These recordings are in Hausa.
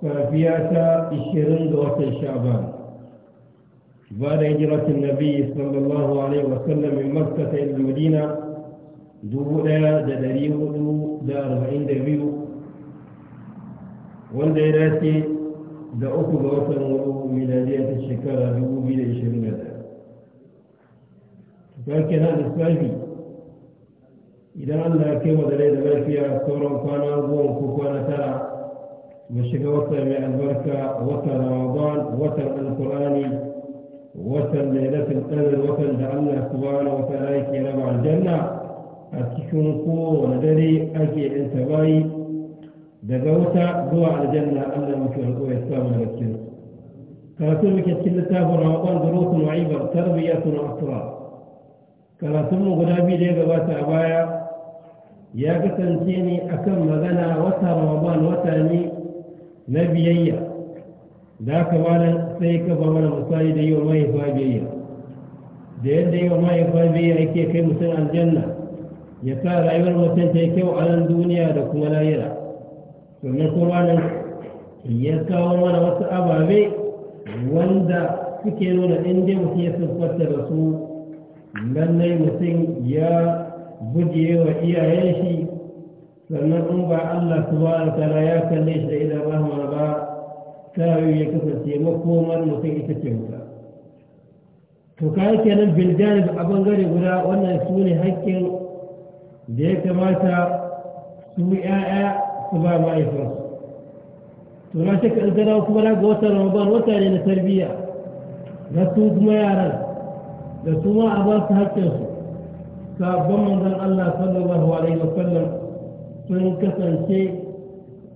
safiya ta 20 ga watan sha'ban ba da hijiratun nabi sallallahu alaihi wasallam min makka ta ila madina 1442 wanda ya dace da uku ga watan wadu miladiyar ta shekara 2021 yake na lissafi idan allah ya kai wadanda da zama sauran kwana goma ko kwana shiga wata mai albarka wata ramadan watan alkurani watan lailatul qadr watan da Allah subhanahu wa ta'ala yake raba aljanna a cikin kowane dare ake yin tabayi daga wata zuwa aljanna Allah muke roƙo ya samu da cikin karatun muke cikin littafin ramadan da wa ibar tarbiyatun asrar karatun mu guda biyu da ya gabata a baya ya kasance ne akan magana wata ramadan wata ne na biyayya da ka mana sai ka ba mana misali da yi wa mahaifa biyayya da yadda yi wa mahaifa biyayya ake kai mutum aljanna ya sa rayuwar mutum ta yi kyau a nan duniya da kuma lahira sannan kuma nan ya kawo mana wasu ababe wanda suke nuna inda mutum ya siffanta da su lallai mutum ya bujewa iyayen shi فمن با الله سبحانه وتعالى ياك ليس الى رحم ابا كاو يكفر سي مقوما متيت تيمتا تكاي بالجانب ابن غري غدا وانا سوني حقين دي كماتا سوي ايا سبحان الله يفرس تناشك الزنا وكبرا غوتا رمضان وتا لين تربية غتوك ما يارن غتوما ابا سحكين سو كابا من الله صلى الله عليه وسلم sun kasance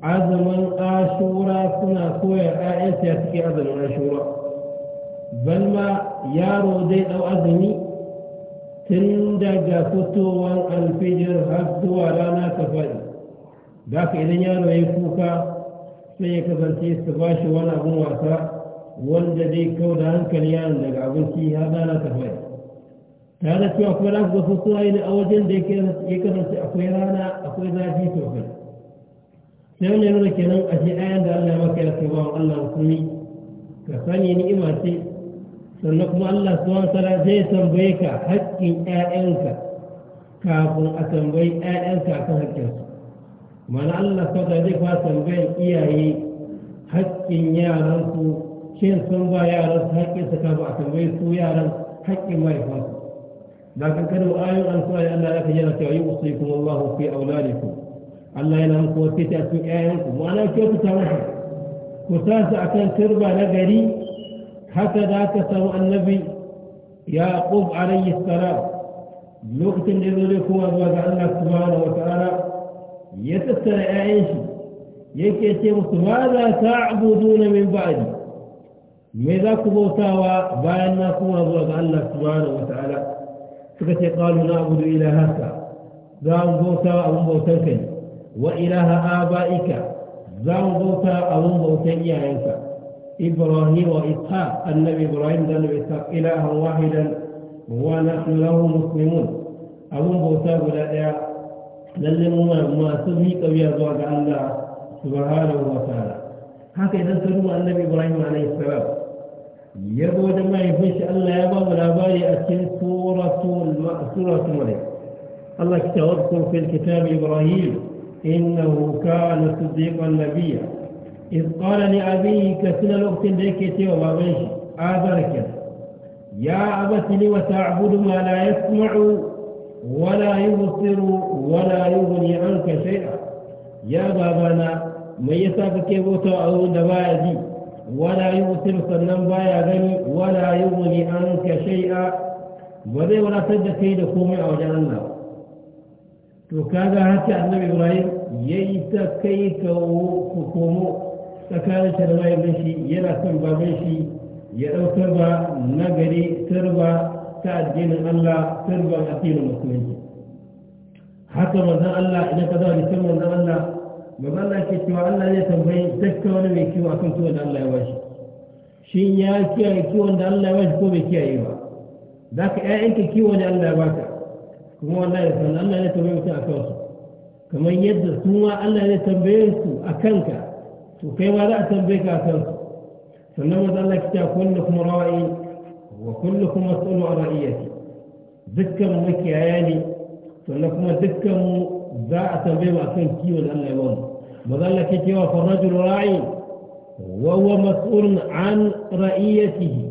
azumin ashura suna koya ayyansu ya suke azumin ashura balma yaro zai ɗau azumi tun daga fitowar alfijir har zuwa rana ta faɗi da haka idan yaro ya kuka sai ya kasance su ba shi wani abin wasa wanda zai kau da hankali yaron daga abinci har rana ta faɗi tare da cewa kuma za ku ga sosai yi a wajen da ya kasance akwai rana akwai zafi sosai sai wani nuna kenan a shi ayan da Allah ya maka ya kai wa Allah musulmi ka sani ni'ima ce sannan kuma Allah su wa ta'ala zai tambaye ka haƙƙin ƴaƴanka kafin a tambayi ƴaƴanka kan su mana Allah subhanahu wa zai fara tambayan iyaye haƙƙin yaransu shin sun ba yaransu su kafin a tambayi su yaran haƙƙin mahaifansu Da لكن كانوا آية ya أن لا يخجل يوصيكم الله في أولادكم Allah yana muku wasita su ku. ma'ana kyautata muku ku sa su kan turba na gari haka da aka samu annabi Ya a alayhi salam lokacin da ya zai kuma zuwa ga Allah su da wata ta'ala ya tattara ƴaƴan shi yake ce musu ma za ta'buduna min ba'di me za ku bautawa bayan na kuma zuwa ga Allah su da wata ta'ala suka ce qalu na abudu ilahaka za mu bauta abun bautar kai wa ilaha aba'ika za mu bauta abun bautar iyayenka ibrahim wa ishaq annabi ibrahim da annabi ishaq ilahan wahidan wa nahnu lahu muslimun abun bauta guda daya lalle mu masu miƙa wuya zuwa ga Allah subhanahu wa ta'ala haka idan sun annabi ibrahim alaihi salam yabo da mahaifin shi Allah ya ba mu labari a cikin suratul malik Allah ki tawakkul fil kitab ibrahim innahu kana siddiqan nabiyya إذ قال لأبيه كسل الوقت ذيك سوى بابيش آذرك يا أبت لم تعبد ما لا يسمع ولا يبصر ولا يغني عنك شيئا يا بابانا من يسافك يبوت أو دواء wala yusir sannan baya gani wala yughni anka shai'a ba zai wadatar da kai da komai a wajen Allah to kaga haka annabi Ibrahim yi ta kai ka komo tsakanin shi da shi yana son baban shi ya ɗaukar ba nagari tarba ta addinin Allah tarban addinin musulunci haka manzon Allah idan ka zama nisan manzon Allah manzon Allah ke cewa Allah zai tambayi dukkan wani mai kiwo akan kiwon da Allah ya bashi shin ya kiyaye kiwon da Allah ya bashi ko bai kiyaye ba za ka ƴaƴanka kiwo ne Allah ya baka kuma wallahi da sanar Allah ya tambayi mutum a su kamar yadda su ma Allah zai tambaye su a ka to kai ma za a tambaye ka a kansu sannan manzon Allah ke cewa kuma rawa'i wa kuma tsoro a ra'iyati dukkan mu makiyaya ne sannan kuma dukkan mu za a tambaye ba kan kiwon Allah ya wani maza Allah ke cewa farajul ra'i wa huwa mas'ulun an ra'iyatihi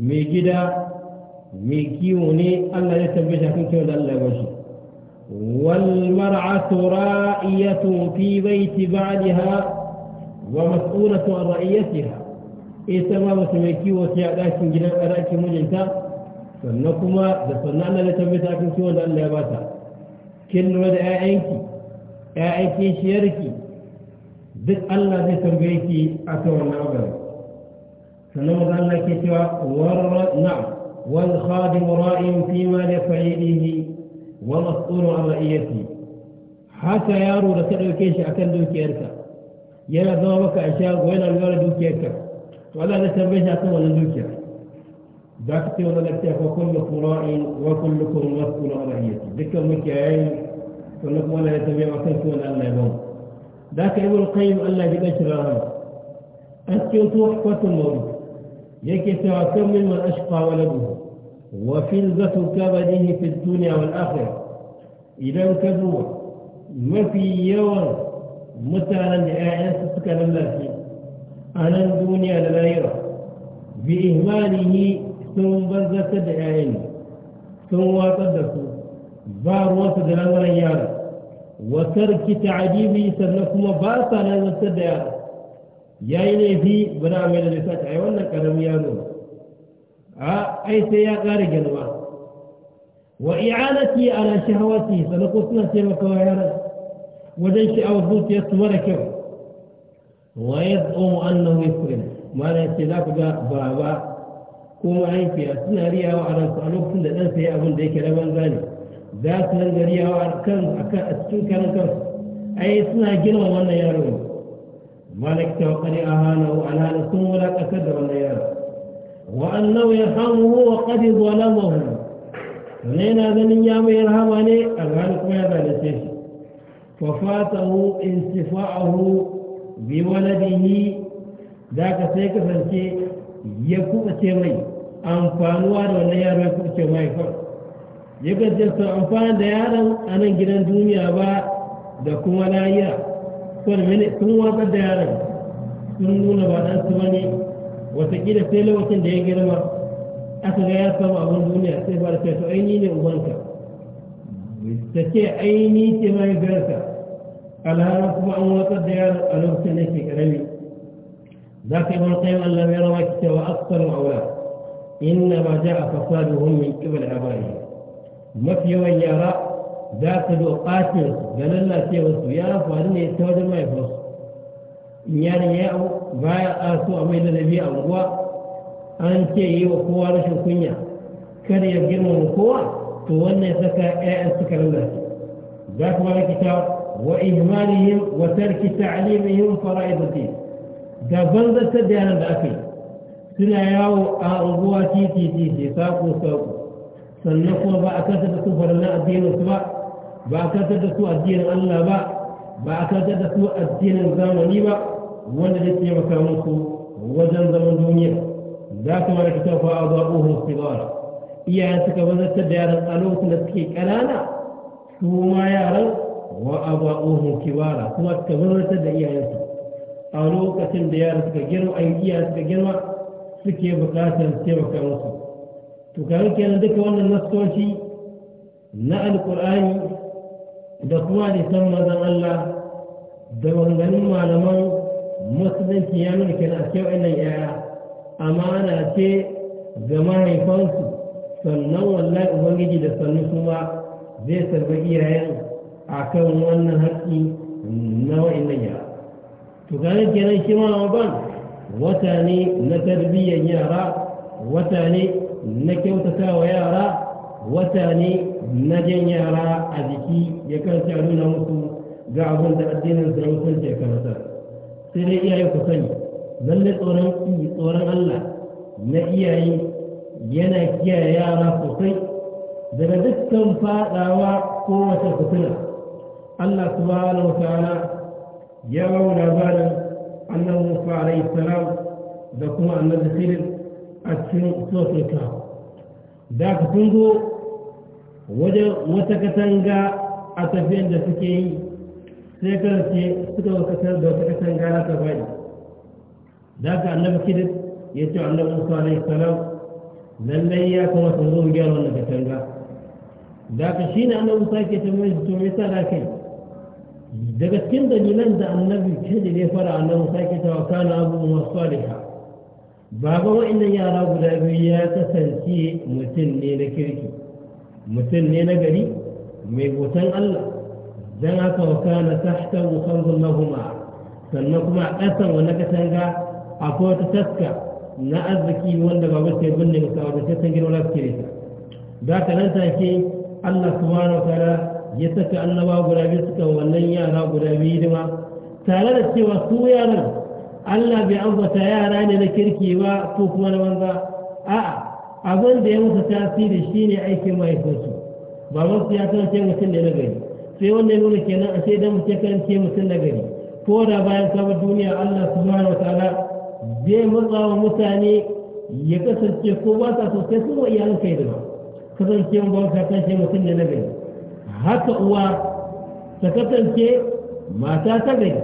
mai gida mai kiwo ne Allah ya tambaye shi kan kiwon da Allah ya bashi والمرأة رائية في بيت بعدها ومسؤولة عن رعيتها ita ma ba ta mai kiwo ta a ɗakin gidan a ɗakin mijinta kuma da da kin lura da 'ya'yanki 'ya'yan kishiyarki duk Allah zai tambaye ki a kan wannan abin sannan maza Allah ke cewa warra na'am wal khadim ra'in fi ma la fa'idihi wa mas'ul an ra'iyati haka yaro da ka ɗauke shi a akan dukiyarka yana zama maka a shago yana lura da dukiyarka to Allah zai tambaye shi akan wannan dukiyar دكتور تقول لك وكل قراء وكل كرمات كل أرعية ذكر مكاين كلكم ولا يتبع وكلكم ولا ألا يبون ذاك ابن القيم ألا بأشرار أسكن تحفة الموت يكي كم من أشقى ولده وفلزة كبده في الدنيا والآخرة إذا كذوا ما في يوم مثلا لآيات سكن الله أنا الدنيا لا يرى بإهماله sun banzartar da 'ya'yan sun watsar da su ba ruwansa da rangaren yara wasar kita adibi sannan kuma ba sa nazartar da yara ya yi laifi ba na mai da wannan ƙaramin yaro a ai sai ya ƙara girma wa i'anati ala shahawati sannan ko suna taimakawa yara wajen sha'awar zuciyarsu mara kyau wa yadda umu annahu yusrin ma da ce za ku ga baba ko mahaifiya suna riyawa a ransu a lokacin da ɗansa ya abin da yake raban gane za su nan riyawa a kan a cikin karan kansu ai suna girma wannan yaro ne malik ta wakari a hana wa alhana sun wulaƙatar da wannan yaro wa annahu ya hamu wa qadi zalamahu ne yana ganin ya mai rahama ne a gani kuma ya zalunce shi fa fatahu intifa'ahu bi waladihi da ka sai kasance ya kuma ce mai amfanuwa da wannan yaro ya kuma ce mahaifar ya gaje su amfani da yaron a nan gidan duniya ba da kuma mini sun watsar da yaron sun nuna ba dan su bane watakila sai lokacin da ya girma aka ga ya samu abin duniya sai ba da sai to aini ne ubanka ta ce aini ce garka. alhara kuma an watsar da yaron a lokacin da ke karami ذاك ابن القيم الذي روى كتاب أكثر أولاد إنما جاء فسادهم من قبل آبائهم ما في وين يرى ذاك ذو قاتل قال الله تيوس يا فارن يتوجد ما يفوز يعني يأو بايا آسو أميل النبي أمغوا انت يو قوار wa kowa rashin kunya kada ya girmama kowa to wannan ya saka ƴaƴan suka lalace za kuma da banzartar da yaran da aka yi suna yawo a unguwa titi titi sako sako sannan kuma ba a kantar da su farallan addininsu ba ba a kantar da su addinin Allah ba ba a kantar da su addinin zamani ba wanda zai taimaka musu wajen zaman duniya za ka mara kita fa a zaɓo sigara iyayen suka wazartar da yaran a lokacin da suke ƙanana su ma yaran wa a zaɓo kibara kuma suka wazartar da iyayensu a lokacin da yara suka girma a yi suka girma suke bukatar taimaka musu to kawai kenan duka wannan nastoci na alkur'ani da kuma nisan mazan Allah da wanganin malaman musulunci ya nuna kenan a cewa wannan yaya amana ce ga mahaifansu sannan wallahi ubangiji da sannu kuma zai sarba iyayen a kan wannan haƙƙi na wa'in yara to gane kenan shi ma ban? wata ne na tarbiyyar yara wata ne na kyautata wa yara wata ne na jan yara a jiki ya karanta nuna musu ga abin da addinin su ya hukunta sai dai iyaye ku sani lalle tsoron tsoron Allah na iyaye yana kiyaye yara sosai daga dukkan fadawa ko wata fitina Allah subhanahu wa ta'ala ya bawa labarin annan musa alaihi salam da kuma annan zafirin a cikin sosaita da ka tungo wajen wata katanga a tafiyan da suke yi sai karshe suka wakatar da wata katanga na tabari da ka annabi zafirin ya ce annan musa alaihi salam lallai ya kuma tungo gyara wannan katanga da ka shine ne annan musa ke tambayin su tumai sa da kai daga cikin dalilan da annabi hijir ya fara annabi sake ta wa kana abubuwan saliha wa inda yara guda biyu ya kasance mutum ne na kirki mutum ne na gari mai hoton allah don haka wa kana tahta musamman lahuma sannan kuma a ƙasan wani katanga akwai wata taska na arziki wanda babu sai binne ga sabon tattan girma wani suke da ta nan take allah subhanahu wa ta'ala ya saka annaba guda biyu suka wannan yara guda biyu hidima tare da cewa su yaran Allah bai ambata yara ne na kirki ba ko kuma na banza a'a abin da ya musu tasiri shine aikin mahaifinsu ba su ya kasance mutum da na gari sai wanda ya nuna kenan sai dan mutum kasance mutum da gari ko da bayan sabon duniya Allah subhanahu wataala zai matsa wa mutane ya kasance ko ba sa sosai su ma iyalan kai da ba kasancewa ba ka kasance mutum da na gari haka uwa ta kasance mata ta gari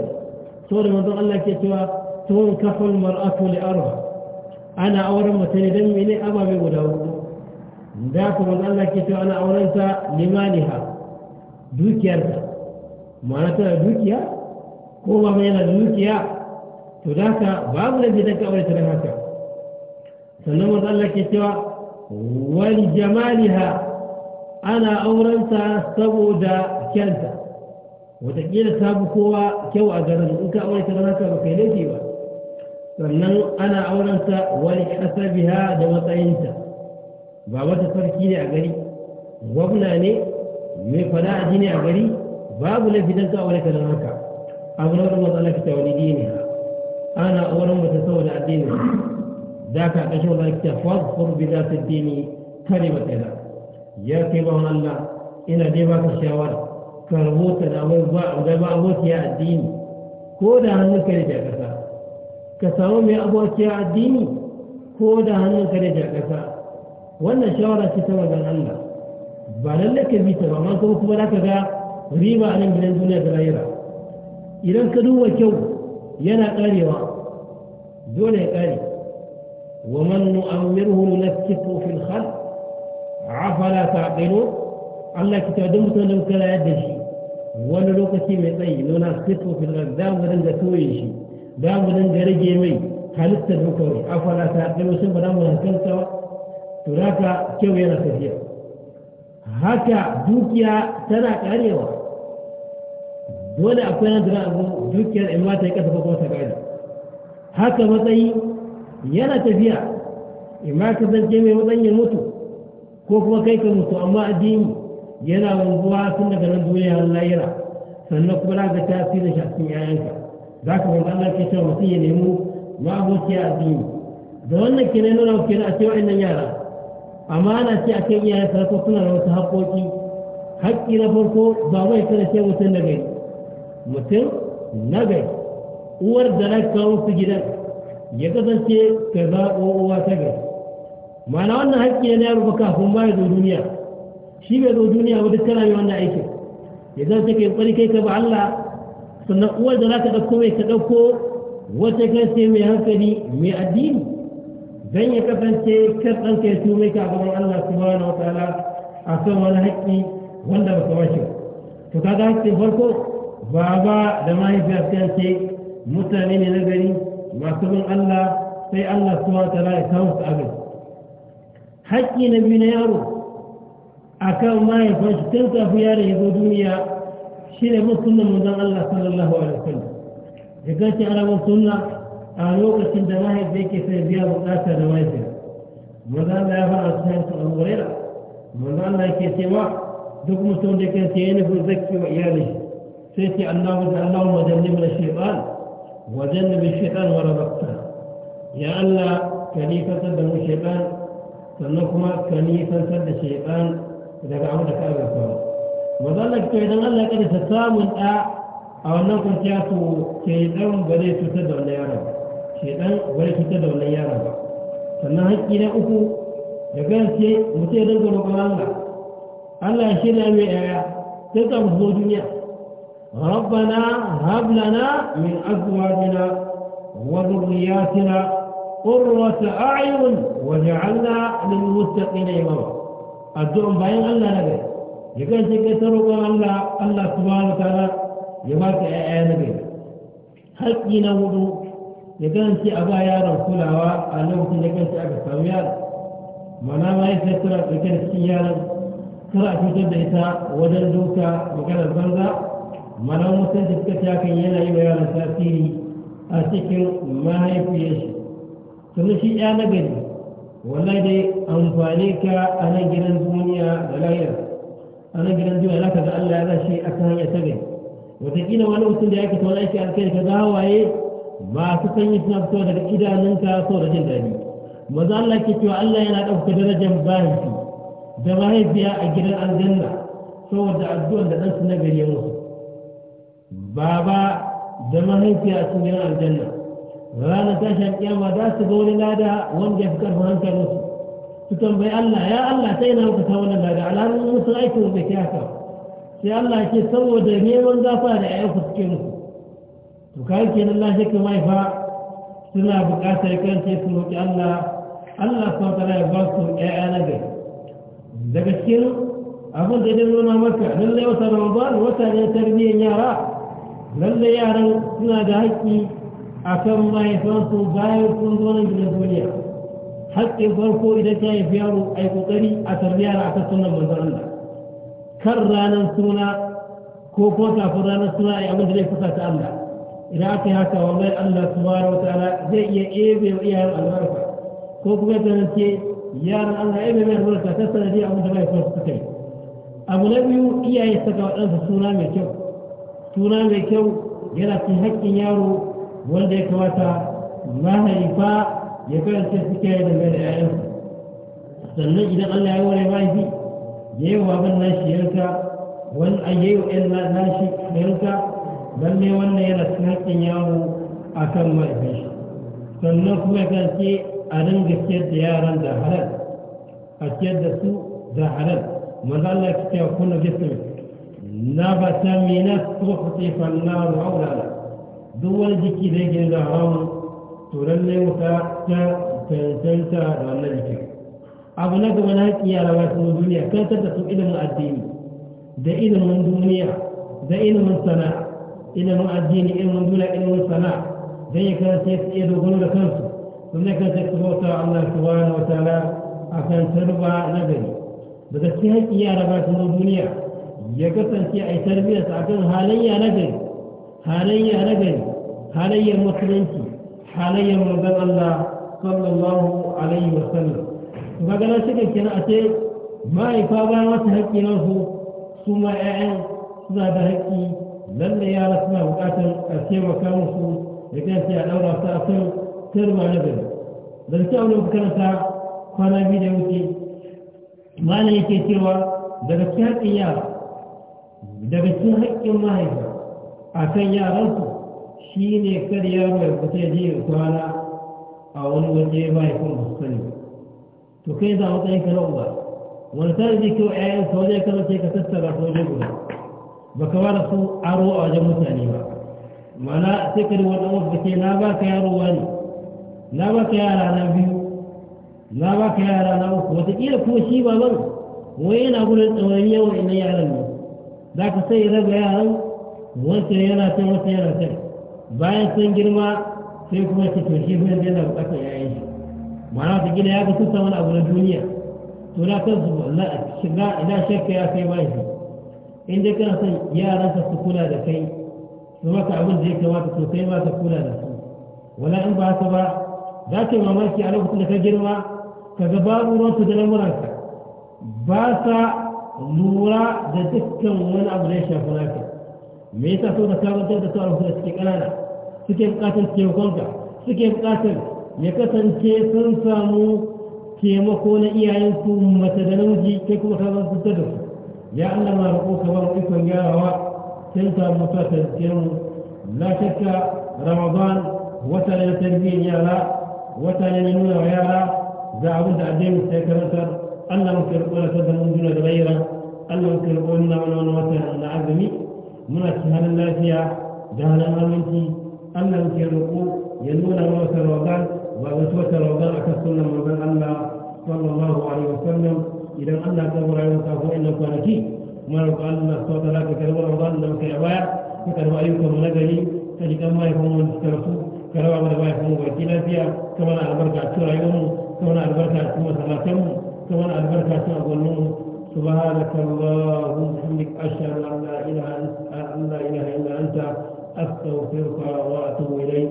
to da manzon Allah ke cewa tun kafal mar'atu li arba ana auren mace ne dan mene ababe guda hudu da ku manzon Allah ke cewa ana auren ta limaniha dukiyarta ma'ana tana dukiya ko ba mai yana dukiya to da ka babu da bidan ka aure ta haka sannan manzon Allah ke cewa wal jamaliha ana aurensa saboda kyanta Wataƙila ta fi kowa kyau a garin in ka aure ta don haka ba kai laifi ba sannan ana aurensa wani ƙasa biya da matsayinta ba wata sarki ne a gari gwamna ne mai fada a jini a gari babu laifi don ka aure ta don haka abu na wani matsala fita wani dini ana auren mata saboda addini da ka ƙashin wani kita kuma bi za su dini kare matsala ya kai ba Allah ina dai baka shawara ka rubuta da wai ba da ba addini ko da hannunka da jakasa ka samu mai abokiya addini ko da hannunka da jakasa wannan shawara ce ta wajen Allah ba lalle ka bi ba ma kuma kuma zaka ga riba a nan gidan duniya da rayuwa idan ka duba kyau yana karewa dole ya kare wa man nu'ammiruhu nafsiku fil khalq afala taqilu Allah ki ta mutum da muka rayar da shi wani lokaci mai tsayi nuna sifu fil za mu dinga toye shi Da mu da rage mai halitta mu kawai afala taqilu shin ba za mu hankalta ba to haka kyau yana tafiya haka dukiya tana karewa dole akwai nan jira abu dukiyar in ta yi kasa ko kuma ta gani haka matsayi yana tafiya in ma ka zance mai matsayin mutu ko kuma kai ka mutu amma addini yana wanzuwa tun daga nan duniya har lahira sannan kuma za ka tasirin shi shafin yayanka za ka wanda Allah ke cewa mutum ya nemo ma'abociya addini da wannan kenan nuna ku kenan a cewa innan yara amma ana ce a kan iyayen sarko suna da wasu haƙoƙi haƙƙi na farko ba mai kada ce mutum na gari mutum na gari uwar da na kawo su gidan ya kasance ka zaɓo uwa ta gari ma'ana wannan haƙƙi ya rufe kafin ba ya zo duniya shi bai zo duniya ba duk kana yi wannan aikin ya zan take ƙwari kai ka ba Allah sannan uwar da za ka ɗauko mai ka ɗauko wata kace mai hankali mai addini zan ya kasance kan ɗan kai su mai kafin Allah su ba wa ta'ala a kan wani haƙƙi wanda ba ka wace to kaga haƙƙin farko ba da mahaifiyar kasance mutane ne na gari masu bin Allah sai Allah su ba ta'ala ya kawo su abin haƙƙi na biyu na yaro a kan mahaifin shi tun kafin yaron ya zo duniya shi ne bin sunan Allah sallallahu alaihi wasallam ya gaci arabin sunna a lokacin da mahaifi yake sai biya bukata da mahaifi manzon Allah ya fara sunan su Abu Hurairah manzon Allah yake cewa duk mutum da kan sai ya nufi zakki wa iyali sai ce Allahu ta'ala wa jannibna shaytan wa jannibi shaytan wa rabata ya Allah ka nifatar da mu shaytan sannan kuma ka nisantar da shaitan daga abu da ka arzata ba ba za ka idan allah ya ta samun ɗa a wannan kwanciya to shaitan ba zai cutar da wannan yaron shaitan ba zai cutar da wannan yaron ba sannan haƙƙi na uku da gaske mutum ya dinga ga allah allah ya shirya mai yaya sai ka mu duniya ربنا هب لنا من أزواجنا وذرياتنا قرة أعين وجعلنا للمتقين إماما الدعم باين الله نبي يقول شيء تروق الله الله سبحانه وتعالى يبارك ya نبي حقنا a يقول شيء أبا يا رسول الله أنه يقول شيء أبا سميان mana ma ya sai tura ɗauke da cikin yaran a cutar da ita wajen duka maganar banza mana mutum da suka ta kan yana yi wa yaran tasiri a cikin mahaifiyar kuma shi ya na gari wallahi dai amfani ka a nan gidan duniya da lahira a nan gidan duniya za ka Allah ya shi a kan hanyar ta gani. wataƙila wani mutum da ya ke tauna aiki alkai ka ga hawaye masu sanyi suna fito daga idanunka so da jin daɗi maza Allah ke cewa Allah yana ɗauka darajar bayansu da mahaifiya a gidan aljanna saboda addu'ar da ɗansu na gari ya musu baba da mahaifiya sun gidan aljanna ranar tashin kiyama za su ga wani lada wanda ya fi karfin hankalinsu su tambayi Allah ya Allah sai na muka samu wannan lada alhalin musu aiki da ke haka sai Allah ce saboda neman gafa da ku suke musu to kayan kenan lashe ka mahaifa suna buƙatar kanta su roƙi Allah Allah sau tara ya ba su ƴaƴa na gari daga cikin abin da ya nuna maka lallai wata ramadan wata ne tarbiyyar yara lallai yaran suna da haƙƙi akan mahaifansu bayan sun zo nan gidan duniya haƙƙin farko idan ta haifi yaro a yi ƙoƙari a tarbiyyar a kan sunan manzon Allah kan ranar suna ko ko kafin ranar suna a yi abin da zai fusa ta Allah idan aka yi haka wallahi Allah subhanahu wa ta'ala zai iya ebe wa iyayen albarka ko kuma ta ce yaran Allah ebe mai albarka ta sanadiyar abin da mahaifansu suka yi abu na biyu iyaye saka waɗansa suna mai kyau suna mai kyau yana cin haƙƙin yaro wanda ya kamata mahaifa ya karanta suke da mai da yayan sannan idan Allah ya ware mahaifi ya yi wa ban nashi yanka wani a yi wa ɗan nashi yarka don ne wannan yana cikin yawo a kan sannan kuma ya kasance a nan gaskiyar da yaran da halal a ciyar da su da halal manzo Allah ya kuna gaskiya na ba ta mina ko fa ta fa na wa'ala duk wani jiki zai gina da haramun to lallai wuta ta cancanta da wannan jiki abu na gaba na haƙƙi yara ba su duniya kan da su ilimin addini da ilimin duniya da ilimin sana'a ilimin addini ilimin duniya ilimin sana'a don ya kasance su iya dogaro da kansu sun ya kasance su bauta Allah subhanahu wa ta'ala a kan tarba na gari daga cikin haƙƙi yara ba su duniya ya kasance a yi tarbiyyarsa a kan halayya na gari halayya na halayyar musulunci halayyar manzon Allah sallallahu alaihi wa sallam kuma suka a ce mahaifa bayan wata haƙƙi na su su ma 'ya'yan suna da haƙƙi lalle yara suna buƙatar a taimaka musu da kansu a ɗaura su a kan tarma na gari da ta wani makaranta kwana biyu da wuce malam yake cewa daga cikin haƙƙin yara daga cikin haƙƙin a kan yaransu shi ne kar yaro ya fita ya je ya kwana a wani waje ba ya kuma sani to kai za mu tsaye nan ba wani tare da kyau ƴaƴan ka waje kana sai ka tattara su waje guda ba ka ba da su aro a wajen mutane ba mana sai ka da wani wasu ke na ba ka yaro wani na ba ka yara na biyu na ba ka yara na uku wataƙila kuma shi ba ban wai yana gudun tsawon yawan ina yaran ne za ka sai raba yaran wancan yana can wancan yana can bayan sun girma sai kuma ce to shi kuma yana bukatar yayin shi ma'ana ta gina ya ga sun wani abu na duniya to na kan su shiga shakka ya kai ba shi in dai kana son yaran ka su kula da kai su maka abin da ya kamata to kai ma ka kula da su wala in ba haka ba za ka yi mamaki a lokacin da ka girma ka ga babu ruwan su da ka ba sa lura da dukkan wani abu da ya shafi lafiya me yasa so da sabantar da su a rufe suke ƙanana suke buƙatar taimakonka suke bukatar ya kasance sun samu taimako na iyayensu mace da namiji kai kuma ka zan da su ya Allah ma rako ka ba ikon gyarawa sun samu mutuwa ta mu na shakka ramadan wata ne na tarbiyyar yara wata ne na nuna wa yara ga abin da mu sai karantar Allah mu karɓo da ta da mun juna da bayyana Allah mu karɓo nuna mana wani wata na azumi muna cikin lafiya da halin aminci allah muke roƙo ya nuna mana sarautar ba wasu wata rautar a kan sunan manzon allah sallallahu alaihi wasallam idan allah ta wura yau kafin inda kwanaki muna roƙo allah sau ta lafiya karɓar rautar da muka yi baya ka karɓi ayyukan mu na gari ka ji kan mahaifin wani suka rasu ka raba mu da mahaifin mu baki lafiya ka mana albarka a cikin rayuwarmu ka mana albarka a cikin masalatanmu ka mana albarka a cikin agwallinmu سبحانك اللهم وبحمدك أشهد أن لا إله إلا أنت أستغفرك وأتوب إليك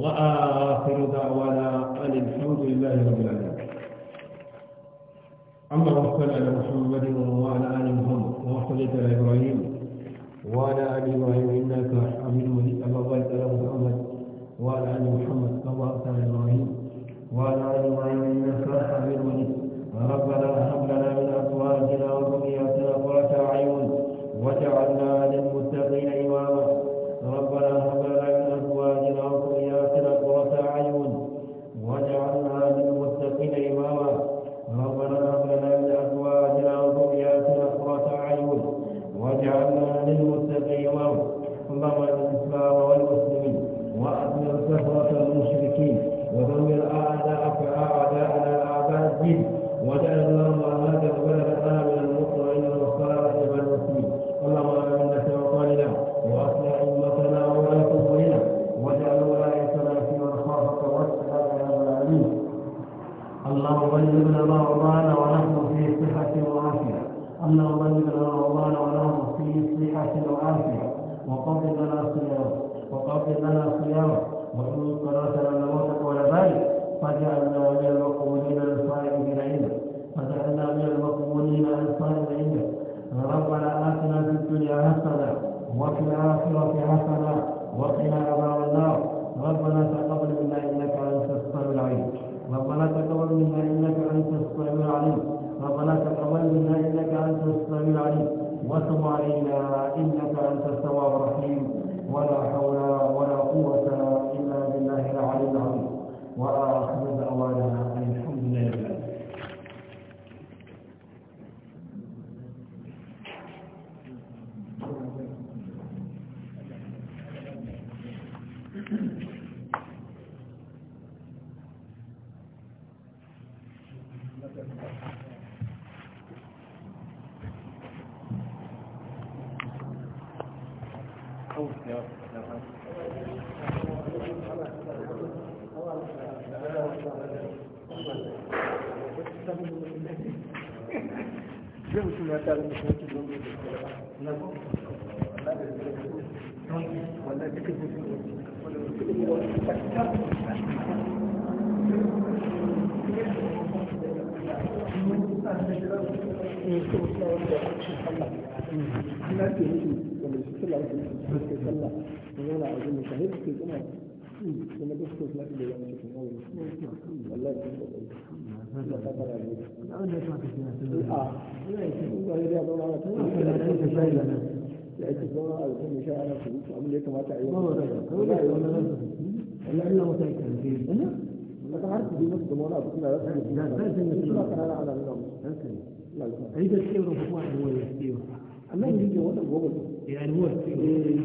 وآخر دعوانا أن الحمد لله رب العالمين اللهم صل على محمد وعلى آل محمد وصليت على إبراهيم وعلى آل إبراهيم إنك حميد مجيد أما بارك على محمد وعلى آل محمد كما وصل على إبراهيم وعلى آل إبراهيم إنك حميد مجيد ربنا هب لنا ربنا وقضي Allah mutane da yawa na tun da ake zauna a rufin nisha ana su wuce abin da ya kamata a yi wani wani wani wani wani لكن عارف دي نص دمار ابو كده بس لا لا لا على لا عيد السير هو هو السير اما يجي هو هو يعني هو السير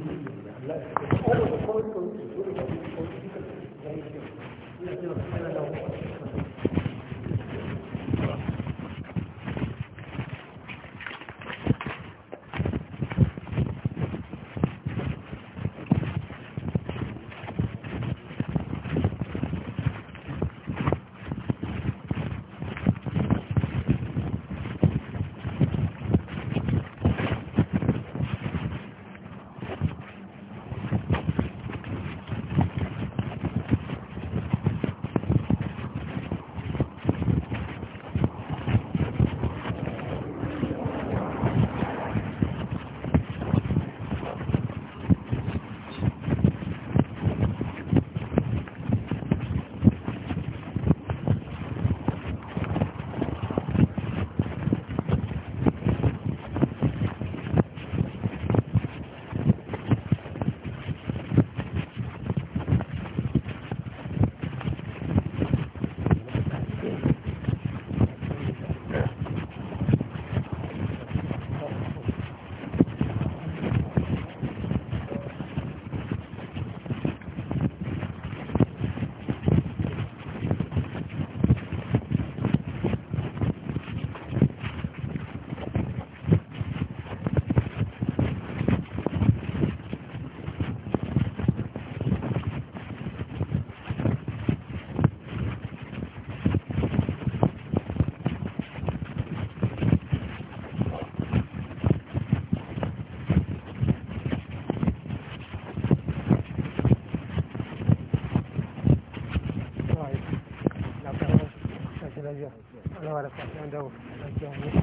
لا اول ما كنت كنت ọlọ́jọ́ ọlọ́wà rẹ̀ pàṣẹ ọdọ́wọ̀ ọlọ́jọ́ ọlọ́jọ́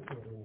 located.